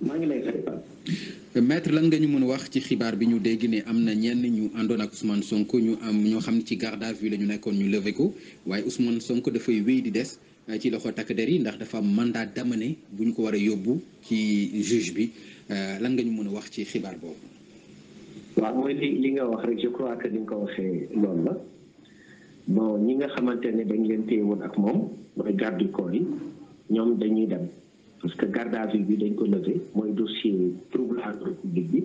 maa ngi lay xarit maître lan nga ñu mën wax ci xibaar bi ñu dégg ne am na ñenn ñu àndoon ak Ousmane sonk ñu am ñoo xam ne ci garde à vue la ñu nekkoon ñu levé ko waaye Ousmane Sonko dafay wéy di des euh, ci loxo takk der yi ndax dafa am mandat d'amener bu ñu ko war a yóbbu ci juge bi euh, lan nga ñu mën a wax ci xibaar boobu. waaw mooy li li nga wax rek je crois que ni nga ko waxee loolu la bon ñi nga xamante ne dañ leen téye woon ak moom mooy garde du corps yi ñoom dañuy dem. parce que garde à vue bi dañ ko levé mooy dossier trouble à l'ordre public bi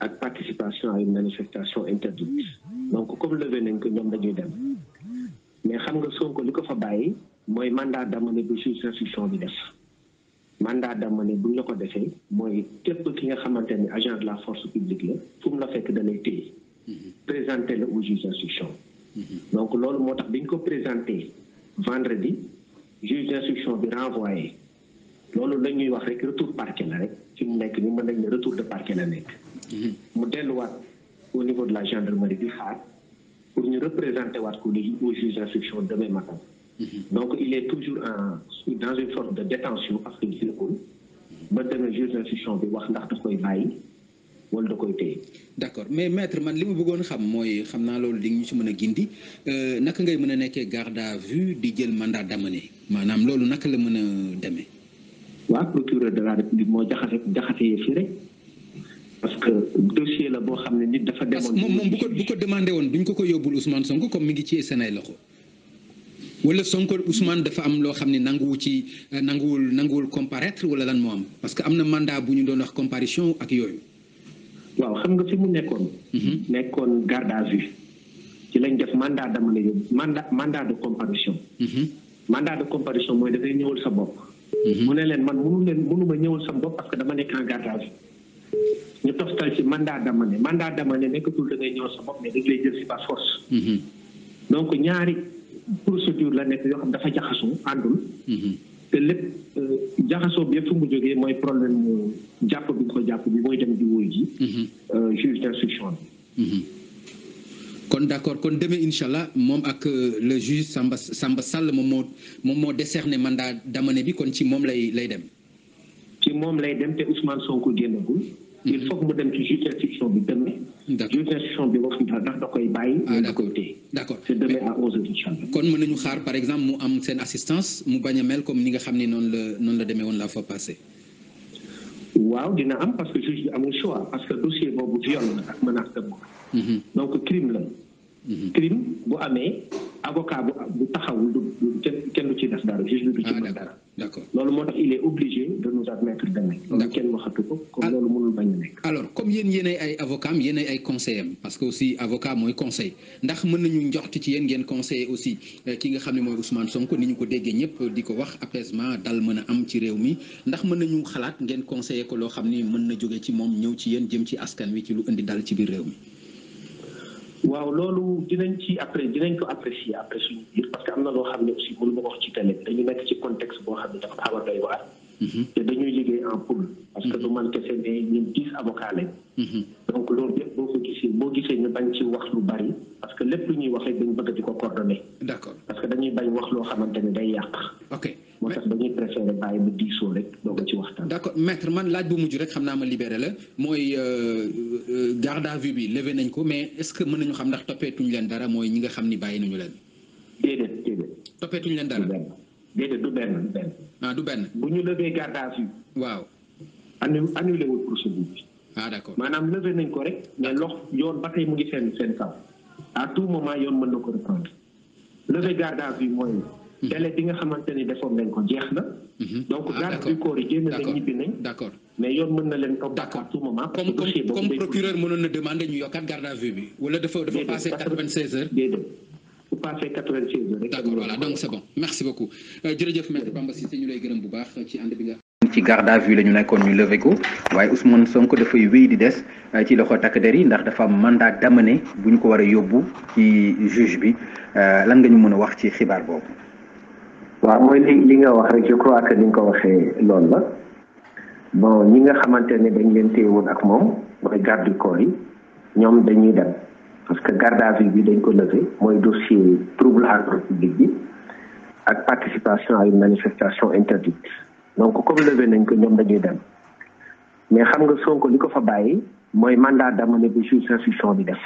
ak participation à une manifestation interdite donc comme levé nañ ko ñoom dañuy dem mais xam nga Sonko li ko fa bàyyi mooy mandat d'amener bi juge d'instruction bi def mandat d'amener bu ñu la ko defee mooy képp ki nga xamante ni agent de la force publique la fu mu la fekk da lay téye présenté la au juge d'instruction donc loolu moo tax bi ñu ko présenté vendredi juge d'instruction bi renvoyé loolu dañuy wax rek retour parquet la rek fi mu nekk ni mën nañ ne retour de parquet la nekk mhm. mu delluwaat au niveau de la gendarmerie di xaar pour ñu représenter waat ko di au juge d'instruction demain matin mhm. donc il est toujours en dans une forme de détention parce que ko ba demee juge bi wax ndax da koy bàyyi wala da koy téye. d'accord mais maitre man li ma bëggoon xam mooy xam naa loolu di ñu si mën a gindi euh, naka ngay mën a nekkee garde à vue di jël mandat d'amener maanaam loolu naka la mën a demee. actuellement procureur de la république moo jaxase jaxase yëf yi parce que dossier la boo xam ne nit dafa demoon. moom moom bu ko bu ko demandé woon duñ ko ko yóbbul Ousmane Sonko comme mi ngi ci seenay loxo wala Sonko Ousmane dafa am loo xam ne nanguwu ci euh, nanguwul nanguwul comparaître wala lan moo am parce que am na mandat bu ñu doon wax comparution ak yooyu. waaw xam nga fi mu nekkoon. Mhm. nekkoon garde à vue ci lañ def mandat dama la yóbbu mandat mandat de comparution. Mhm. mandat de comparution mooy dafay ñëwal sa Mhm. mu ne leen man mënu leen mënuma ñëwal sama bopp parce que dama nekk en garde à vue ñu toftal ci mandat d'amener dama d'amener nekkatul da ngay ñëwal sa bopp mais dañ lay jël si par force mhm. donc ñaari procédure la nekk yoo xam dafa jaxasoo àndul mhm. te lépp euh, jaxasoo bi yëpp mu jógee mooy problème jàpp bi ko jàpp bi mooy dem di wóoy ji euh, juge d'instruction bi kon d' accord kon demee incha allah moom ak euh, le juge Samba Samba Sall moom moo moom moo décerné mandat d'amener bi kon ci moom lay lay dem. ci moom lay dem te Ousmane Sonko génnagul. il mhm. faut que mu dem ci juge d'instruction bi demee. d' bi wax ndax da koy bàyyi. ah d' accord d' accord c' kon mën nañu xaar par exemple mu am seen assistance mu bañ a mel comme ni nga xam ne noonu la noonu la demee woon la fois passée. waaw dina am parce que juge bi amul choix parce que dossier boobu viol ak menace de mort. Mm-hmm. donc crime la. Mm-hmm. crime bu amee avocat bu bu taxawul du kenn du ci def ci ah, def dara. d'accord loolu moo tax il est obligé de waxatu ko comme ah. loolu mënul alors comme yéen yéenay ay avocat am ay conseil am parce que aussi avocat mooy conseil ndax mën nañu njort ci yéen ngeen conseiller aussi euh, ki nga xam ne mooy Ousmane Sonko ni ñu ko déggee ñëpp di ko wax apaisement dal mën a am ci réew mi ndax mën nañu xalaat ngeen conseiller ko loo xam ni mën na jóge ci moom ñëw ci yéen jëm ci askan wi ci lu indi dal ci biir réew mi. waaw loolu dinañ ci après dinañ ko apprécier après suñu biir parce que am na loo xam ne aussi mënu ma ko wax ci télé dañu xam ne dafa xaw a doy waar mm-hmm. dañuy liggéey en poule parce que mm-hmm. du man kese ne ñun dix avocats lañ mm-hmm. donc loolu yëpp boo ko gisee boo gisee ñu bañ ci wax lu bari parce que lépp lu ñuy wax rek dañu bëgg di ko coordonner d'accord parce que dañuy bañ wax loo xamante ne day yàq ok moo tax dañuy préféré bàyyi bu diisoo rek doo ko ci waxtaan d'accord maître man laaj bu mujj rek xam naa la mooy euh, garde à vue bi levé nañ ko mais est que mën nañu xam ndax toppeetuñ leen dara mooy ñi nga xam ni bàyyi nañu leen. déedéet déedéet. toppeetuñ leen dara. déedéet du benn du benn. ah du benn. bu ñu levé garde à vue. waaw. annulé annulé wul procédure bi. ah d'accord maanaam levé nañ ko rek. mais lox yoon ba tey mu ngi seen seen kaw. à tout moment yoon mën na ko reprendre. levé garde à vue mooy. délai mm-hmm. bi nga xamante ni defoon nañ ko jeex na. Mm-hmm. donc garde ah, du na ñibbi nañ. d' accord mais yoon mën na leen topp. d' accord à tout moment. comme comme procureur mënoon na demander ñu yokkaat garde à vue bi. wala dafa dafa passé 96 heures. déedéet bu passé 96 heures rek. d' accord voilà donc c' est bon merci beaucoup euh, jërëjëf maître Bamba Cissé ñu lay gërëm bu baax ci ànd bi nga. ci garde à vue la nekkoon ñu levé waaye Ousmane Sonko dafay wéy di des euh, ci loxo takk der yi ndax dafa am mandat d'amener bu ñu ko war a yóbbu ci juge bi euh, lan nga ñu mën a wax ci xibaar boobu. waaw mooy li li nga wax rek je crois que ni nga ko waxee loolu la bon ñi nga xamante ne dañ leen téyewoon ak moom mooy garde corps yi ñoom dañuy dem parce que garde à vue bi dañ ko levé mooy dossier trouble à l'ordre public bi ak participation à une manifestation interdite donc comme levé nañ ko ñoom dañuy dem mais xam nga Sonko li ko fa bàyyi mooy mandat d'amener bi juge d'instruction bi def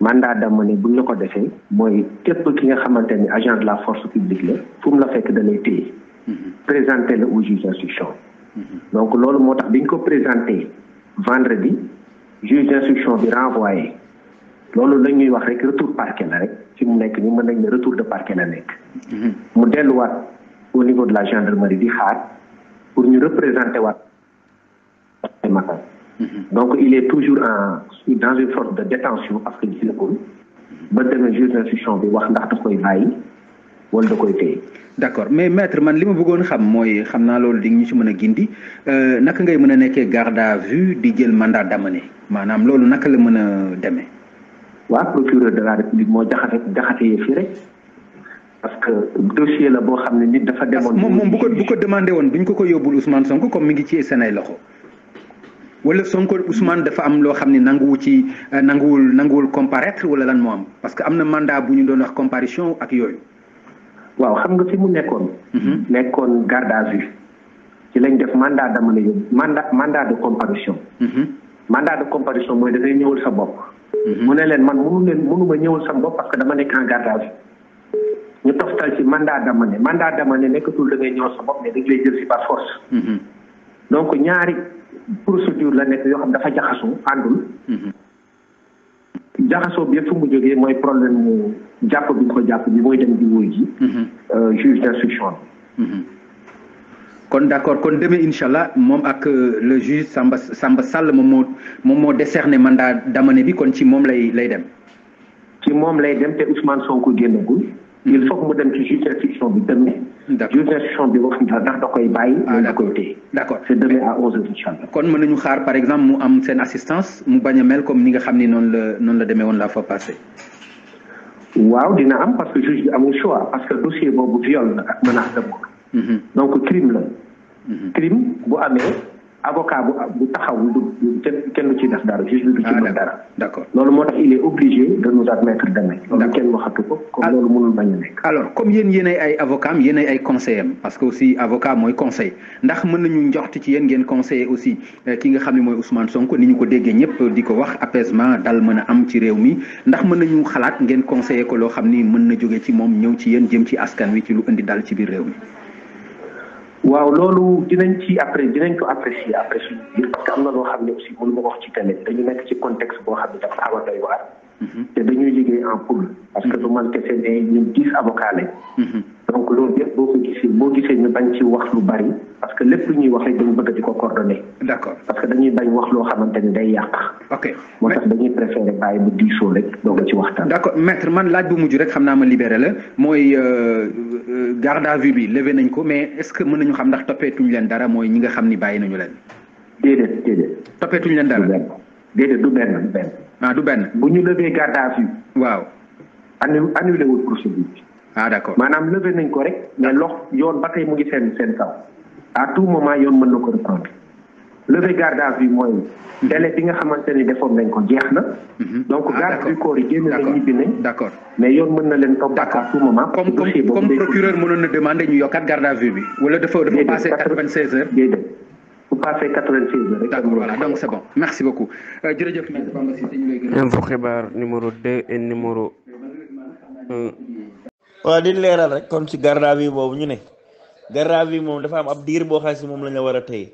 mandat d'amener bu ñu la ko defee mooy képp ki nga xamante ni agent de la force publique la fu mu la fekk da lay téye mm-hmm. présenté la au juge d'instruction mm-hmm. donc loolu moo tax bi ñu ko présenté vendredi juge d'instruction bi renvoyé loolu la ñuy wax rek retour parquet la rek fi mu nekk ñu mën nañ ne retour de parke la nekk mm-hmm. mu delluwaat au niveau de la gendarmerie di xaar pour ñu représenté waat makan Mhm. donc il est toujours en dans une sorte de détention parce que gis na ko ba demee juge d'instruction bi wax ndax da koy bàyyi wala da koy téye. d'accord mais maître man li ma bëggoon xam mooy xam naa loolu di ñu ci mën a gindi euh, naka ngay mën a nekkee garde à vue di jël mandat d'amener maanaam loolu naka la mën a demee. waa procureur de la république moo jaxate jaxatee fii rek parce que dossier la boo xam ne nit dafa demoon. moom bu ko bu ko demandé woon bu ñu ko comme mi ngi ci seen loxo. wala Sonko Ousmane dafa am loo xam ne nanguwu ci euh, nanguwul nanguwul comparaître wala lan moo am parce que am na mandat bu ñu doon wax comparution ak yooyu. waaw xam nga fi mu nekkoon. Mhm. nekkoon garde à vue ci lañ def mandat dama la yóbbu mandat mandat de comparution. Mhm. mandat de comparution mooy dafay ñëwal sa bopp. Mhm. mu ne leen man mënu leen mënuma ñëwal sa bopp parce dama nekk en garde à vue ci mandat d'amener mandat d'amener nekkatul da ngay ñëw sa bopp mais dañ lay jël si par force. donc ñaari procédure la nekk yoo xam dafa jaxasoo àndul. Mhm. jaxasoo bi yëpp fu mu jógee mooy problème mu jàpp bi ko jàpp bi mooy dem di wóoy ji. Mhm. Euh, juge d'instruction bi. Mhm. kon d'accord kon demee incha moom ak euh, le juge Samba Samba Sall moom moo moom moo décerné mandat d'amener bi kon ci moom lay lay dem. ci moom lay dem te Ousmane Sonko génnagul. il faut mu dem ci juge d'instruction bi demee. usertion bi wax na ndax da koy bàyyi. ah d' accord d' accord c' est kon mën nañu xaar par exemple mu am seen assistance mu bañ a mel comme ni nga xam ni noonu la noonu la demee woon la fois passée. waaw dina am parce que juge bi amul choix parce que dossier boobu viol na ak menace de mort. Mhm. donc crime la. Mhm. crime bu amee avocat bu bu taxawul du kenn du ci def dara juge bi du ci mën ah, dara. d' loolu moo tax il est obligé de nous admettre demain. d' kenn ko comme ah. loolu mënul alors comme yéen yéenay ay avocat am ay conseiller parce que aussi avocat mooy conseil ndax mën nañu njoxti ci yéen ngeen conseiller aussi eh, ki nga xam ne mooy Ousmane Sonko ni ñu ko déggee ñëpp di ko wax apaisement dal mën a am ci réew mi ndax mën nañu xalaat ngeen conseiller ko loo xam ni mën na jóge ci moom ñëw ci yéen jëm ci askan wi ci lu indi dal ci biir réew mi. waaw loolu dinañ ci après dinañ ko apprécier après suñu biir parce que xam ne aussi mënu ma wax ci tamit dañu nekk ci contexte boo xam ne Mhm. te dañuy liggéey en poule. parce que du man kese ne ñun dix mhm. donc loolu yëpp boo boo gisee bañ ci wax lu bari parce que lépp lu ñuy wax rek dañu di ko coordonner. d'accord parce que dañuy bañ loo xamante ni day yàq. ok dañuy préférer bàyyi bu rek doo ko ci waxtaan. d'accord maître man laaj bu mujj rek xam naa ma la mooy euh, euh, garde à vue bi levé nañ ko mais est-ce que mën nañu xam ndax toppeetuñu leen dara ñi nga xam ni bàyyi nañu leen. déedéet déedéet. toppeetuñu leen dara déedéet du benn du benn. ah du benn. bu ñu levee garde à vue. waaw. annu annulé wul procédure bi. ah maanaam levé nañ ko rek mais lox yoon ba tey mu ngi seen seen kaw à tout moment yoon mën na ko reprendre levé garde à vue mooy mhm. délai bi nga xamante ni defoon nañ ko jeex na. Mhm. donc ah, garde du yi génn na ñibbi nañ. d' accord mais yoon mën na leen topp à tout moment. comme procureur mënoon na demander ñu yokkaat garde à vue bi. wala dafa dafa passé quatre vingt seize heures. déedéet bu passé 86 la. d'accord voilà merci beaucoup. Euh, jërëjëf maître Bamba Cissé ñu lay leeral rek kon ci garde à boobu ñu ne garde à moom dafa am ab diir boo xam si moom la war a téye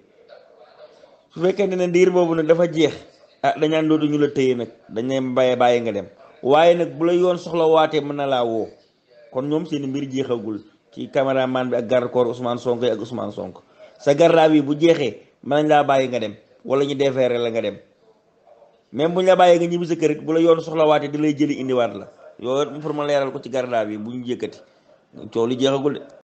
su fekkente ne diir boobu nag dafa jeex ah dañaan dootu ñu la téye nag dañ leen bàyyi bàyyi nga dem waaye nag bu la yoon soxla waatee mën na laa woo kon ñoom seen mbir jeexagul ci caméraman bi ak garde corps sonk ak Ousmane Sonko sa garde à bu jeexee. mën nañ laa bàyyi nga dem wala ñu déféré la nga dem même bu ñu la bàyyi nga ñibbi sa kër it bu la yoon soxlawaatee di lay jëli indiwaat la yooyu pour ma leeral ko ci garda bi bu ñu yëkkati coow li jeexagul de.